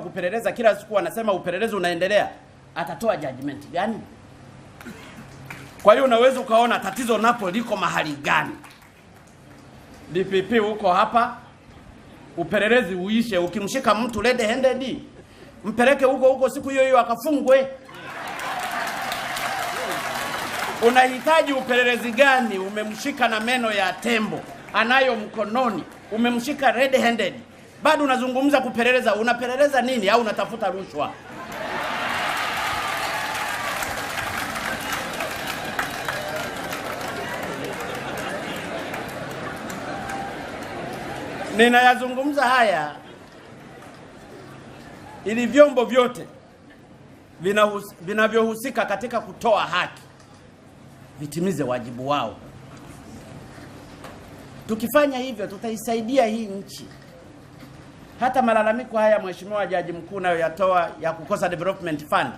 kupeleleza kila siku anasema upelelezi unaendelea, atatoa judgment gani? Kwa hiyo unaweza ukaona tatizo napo liko mahali gani. DPP huko hapa, upelelezi uishe. Ukimshika mtu red handed, mpeleke huko huko siku hiyo hiyo akafungwe. Unahitaji upelelezi gani? Umemshika na meno ya tembo, anayo mkononi, umemshika red handed bado unazungumza kupeleleza. Unapeleleza nini? Au unatafuta rushwa? Ninayazungumza haya ili vyombo vyote vinavyohusika katika kutoa haki vitimize wajibu wao. Tukifanya hivyo, tutaisaidia hii nchi hata malalamiko haya mheshimiwa jaji mkuu nayo yatoa ya kukosa development fund.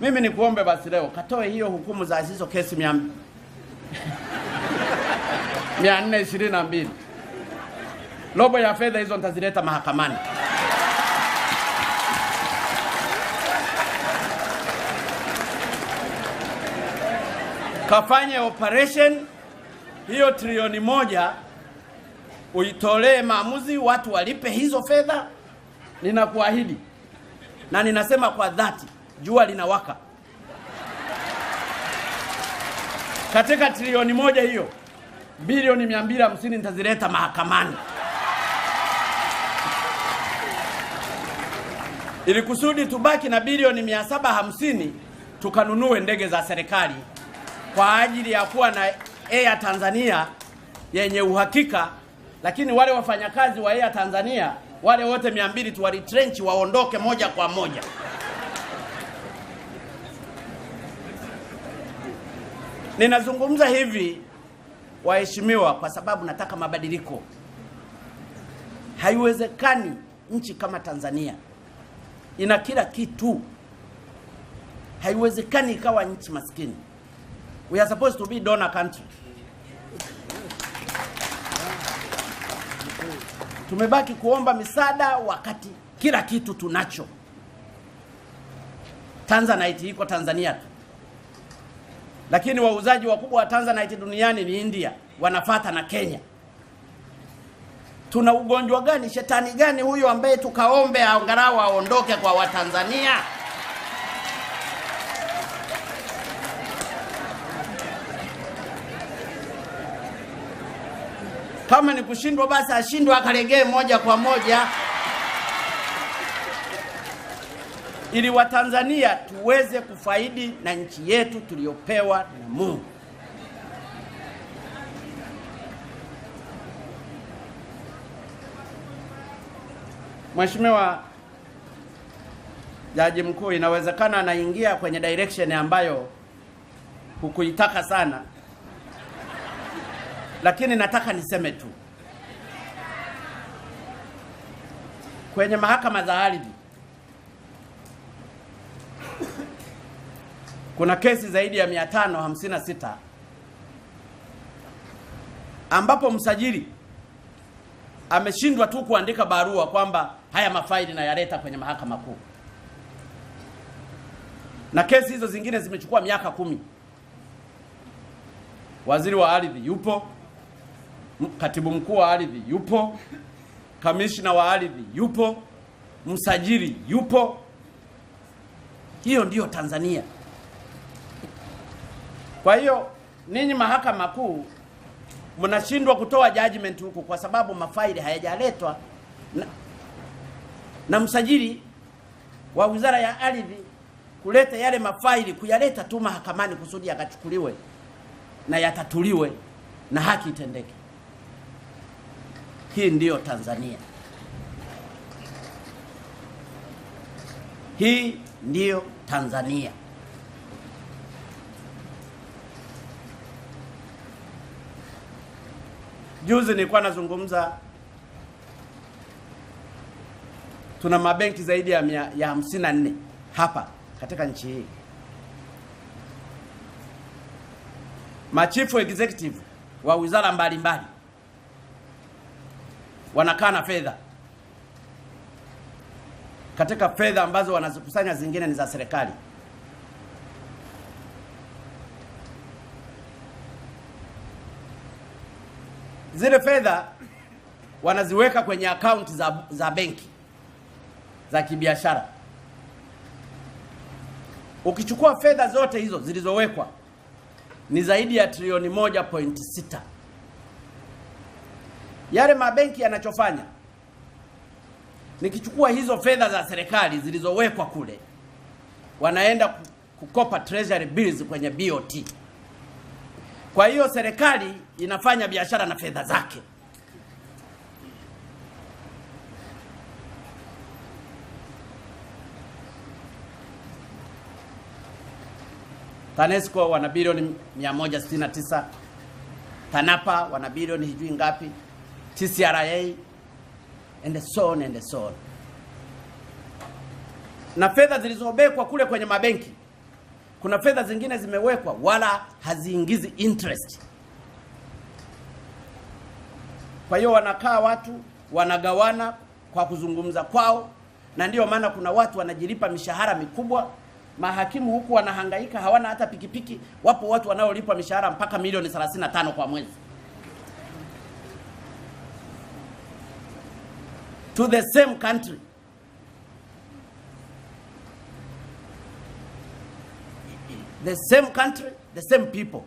Mimi nikuombe basi leo katoe hiyo hukumu za hizo kesi 422 robo ya fedha hizo nitazileta mahakamani. Kafanye operation hiyo trilioni moja uitolee maamuzi, watu walipe hizo fedha. Ninakuahidi na ninasema kwa dhati, jua linawaka katika trilioni moja hiyo, bilioni hamsini nitazileta mahakamani ili kusudi tubaki na bilioni 750 tukanunue ndege za serikali kwa ajili ya kuwa na Air Tanzania yenye uhakika lakini wale wafanyakazi wa Air Tanzania wale wote mia mbili tuwaretrench waondoke moja kwa moja. Ninazungumza hivi waheshimiwa, kwa sababu nataka mabadiliko. Haiwezekani nchi kama Tanzania ina kila kitu, haiwezekani ikawa nchi maskini. We are supposed to be donor country. Tumebaki kuomba misaada wakati kila kitu tunacho. Tanzanite iko Tanzania tu, lakini wauzaji wakubwa wa Tanzanite duniani ni India, wanafata na Kenya. Tuna ugonjwa gani? Shetani gani huyo ambaye tukaombe angalau aondoke kwa Watanzania? Kama ni kushindwa, basi ashindwe akalegee moja kwa moja, ili Watanzania tuweze kufaidi na nchi yetu tuliyopewa na Mungu. Mheshimiwa Jaji Mkuu, inawezekana anaingia kwenye direction ambayo hukuitaka sana lakini nataka niseme tu kwenye mahakama za ardhi kuna kesi zaidi ya 556 ambapo msajili ameshindwa tu kuandika barua kwamba haya mafaili nayaleta kwenye mahakama kuu, na kesi hizo zingine zimechukua miaka kumi. Waziri wa ardhi yupo, katibu mkuu wa ardhi yupo, kamishna wa ardhi yupo, msajili yupo. Hiyo ndiyo Tanzania. Kwa hiyo ninyi mahakama kuu mnashindwa kutoa judgment huku kwa sababu mafaili hayajaletwa na, na msajili wa wizara ya ardhi kuleta yale mafaili kuyaleta tu mahakamani kusudi yakachukuliwe na yatatuliwe na haki itendeke. Hii ndiyo Tanzania, hii ndiyo Tanzania. Juzi nilikuwa nazungumza, tuna mabenki zaidi ya mia, ya hamsini na nne hapa katika nchi hii. Machifu executive wa wizara mbalimbali wanakaa na fedha katika fedha ambazo wanazikusanya zingine ni za serikali. Zile fedha wanaziweka kwenye akaunti za, za benki za kibiashara. Ukichukua fedha zote hizo zilizowekwa ni zaidi ya trilioni 1.6. Yale mabenki yanachofanya nikichukua hizo fedha za serikali zilizowekwa kule, wanaenda kukopa treasury bills kwenye BOT. Kwa hiyo serikali inafanya biashara na fedha zake. TANESCO wana bilioni 169, TANAPA wana bilioni hijui ngapi. TCRA and so on and so on. Na fedha zilizobekwa kule kwenye mabenki, kuna fedha zingine zimewekwa wala haziingizi interest. Kwa hiyo wanakaa watu wanagawana kwa kuzungumza kwao, na ndiyo maana kuna watu wanajilipa mishahara mikubwa. Mahakimu huku wanahangaika, hawana hata pikipiki. Wapo watu wanaolipwa mishahara mpaka milioni 35 kwa mwezi. to the same country. The same country, the same people.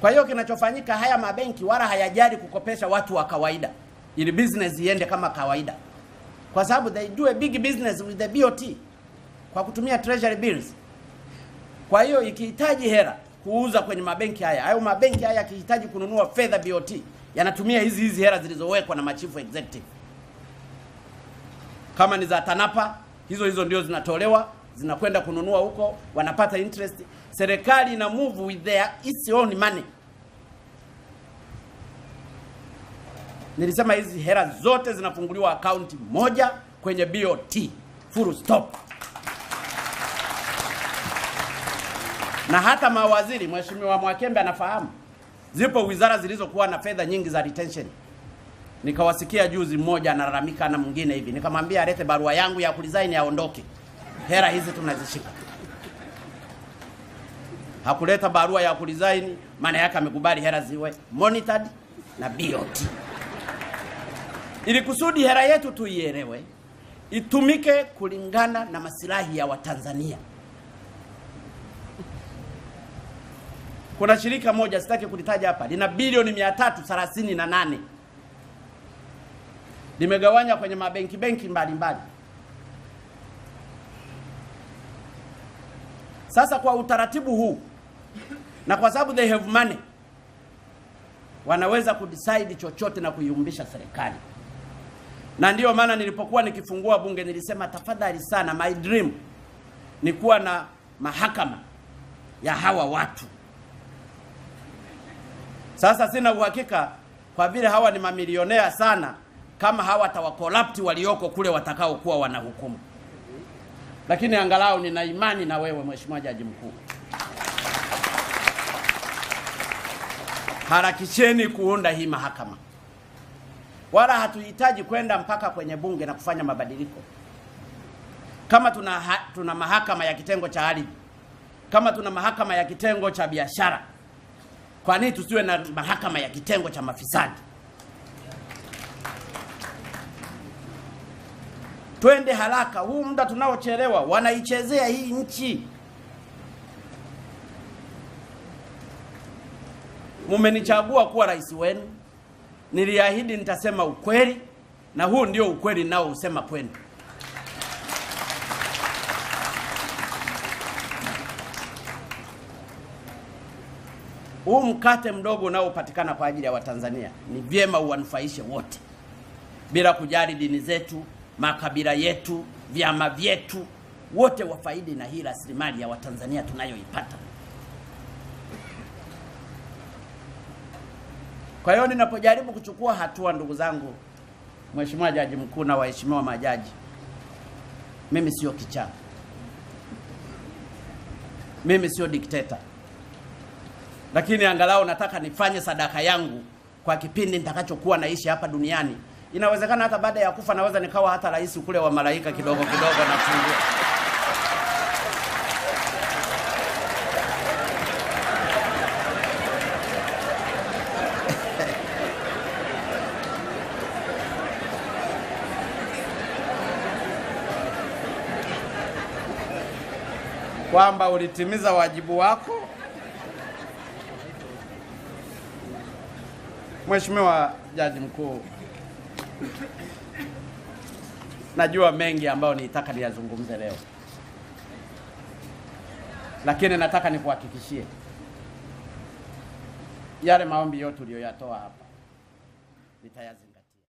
Kwa hiyo kinachofanyika, haya mabenki wala hayajali kukopesha watu wa kawaida ili business iende kama kawaida, kwa sababu they do a big business with the BOT kwa kutumia treasury bills. Kwa hiyo ikihitaji hela kuuza kwenye mabenki haya. Hayo mabenki haya yakihitaji kununua fedha BOT yanatumia hizi hizi hela zilizowekwa na machifu executive. Kama ni za TANAPA hizo hizo ndio zinatolewa zinakwenda kununua huko, wanapata interest. Serikali ina move with their its own money. Nilisema hizi hela zote zinafunguliwa akaunti moja kwenye BOT, full stop. na hata mawaziri, Mheshimiwa Mwakembe anafahamu zipo wizara zilizokuwa na fedha nyingi za retention. Nikawasikia juzi mmoja analalamika na mwingine hivi, nikamwambia alete barua yangu ya kuresign aondoke, hera hizi tunazishika. Hakuleta barua ya kuresign, maana yake amekubali hera ziwe monitored na BOT ili kusudi hera yetu tuielewe, itumike kulingana na masilahi ya Watanzania. Kuna shirika moja sitaki kulitaja hapa, lina bilioni 338 limegawanya kwenye mabenki benki mbalimbali. Sasa kwa utaratibu huu na kwa sababu they have money, wanaweza kudecide chochote na kuiumbisha serikali, na ndiyo maana nilipokuwa nikifungua bunge nilisema tafadhali sana, my dream ni kuwa na mahakama ya hawa watu. Sasa sina uhakika kwa vile hawa ni mamilionea sana, kama hawa tawakolapti walioko kule watakaokuwa wanahukumu, lakini angalau nina imani na wewe Mheshimiwa Jaji Mkuu. Harakisheni kuunda hii mahakama, wala hatuhitaji kwenda mpaka kwenye bunge na kufanya mabadiliko. Kama tuna, ha, tuna mahakama ya kitengo cha ardhi, kama tuna mahakama ya kitengo cha biashara kwa nini tusiwe na mahakama ya kitengo cha mafisadi? Twende haraka, huu muda tunaochelewa, wanaichezea hii nchi. Mumenichagua kuwa rais wenu, niliahidi nitasema ukweli, na huu ndio ukweli nao usema kwenu. huu mkate mdogo unaopatikana kwa ajili ya Watanzania ni vyema uwanufaishe wote bila kujali dini zetu, makabila yetu, vyama vyetu, wote wafaidi na hii rasilimali ya Watanzania tunayoipata. Kwa hiyo ninapojaribu kuchukua hatua, ndugu zangu, Mheshimiwa Jaji Mkuu na waheshimiwa majaji, mimi sio kichaa, mimi sio dikteta lakini angalau nataka nifanye sadaka yangu kwa kipindi nitakachokuwa naishi hapa duniani. Inawezekana hata baada ya kufa naweza nikawa hata rais kule wa malaika kidogo kidogo kufungua kwamba ulitimiza wajibu wako Mheshimiwa Jaji Mkuu, najua mengi ambayo nitaka niyazungumze leo, lakini nataka nikuhakikishie yale maombi yote uliyoyatoa hapa nitayazi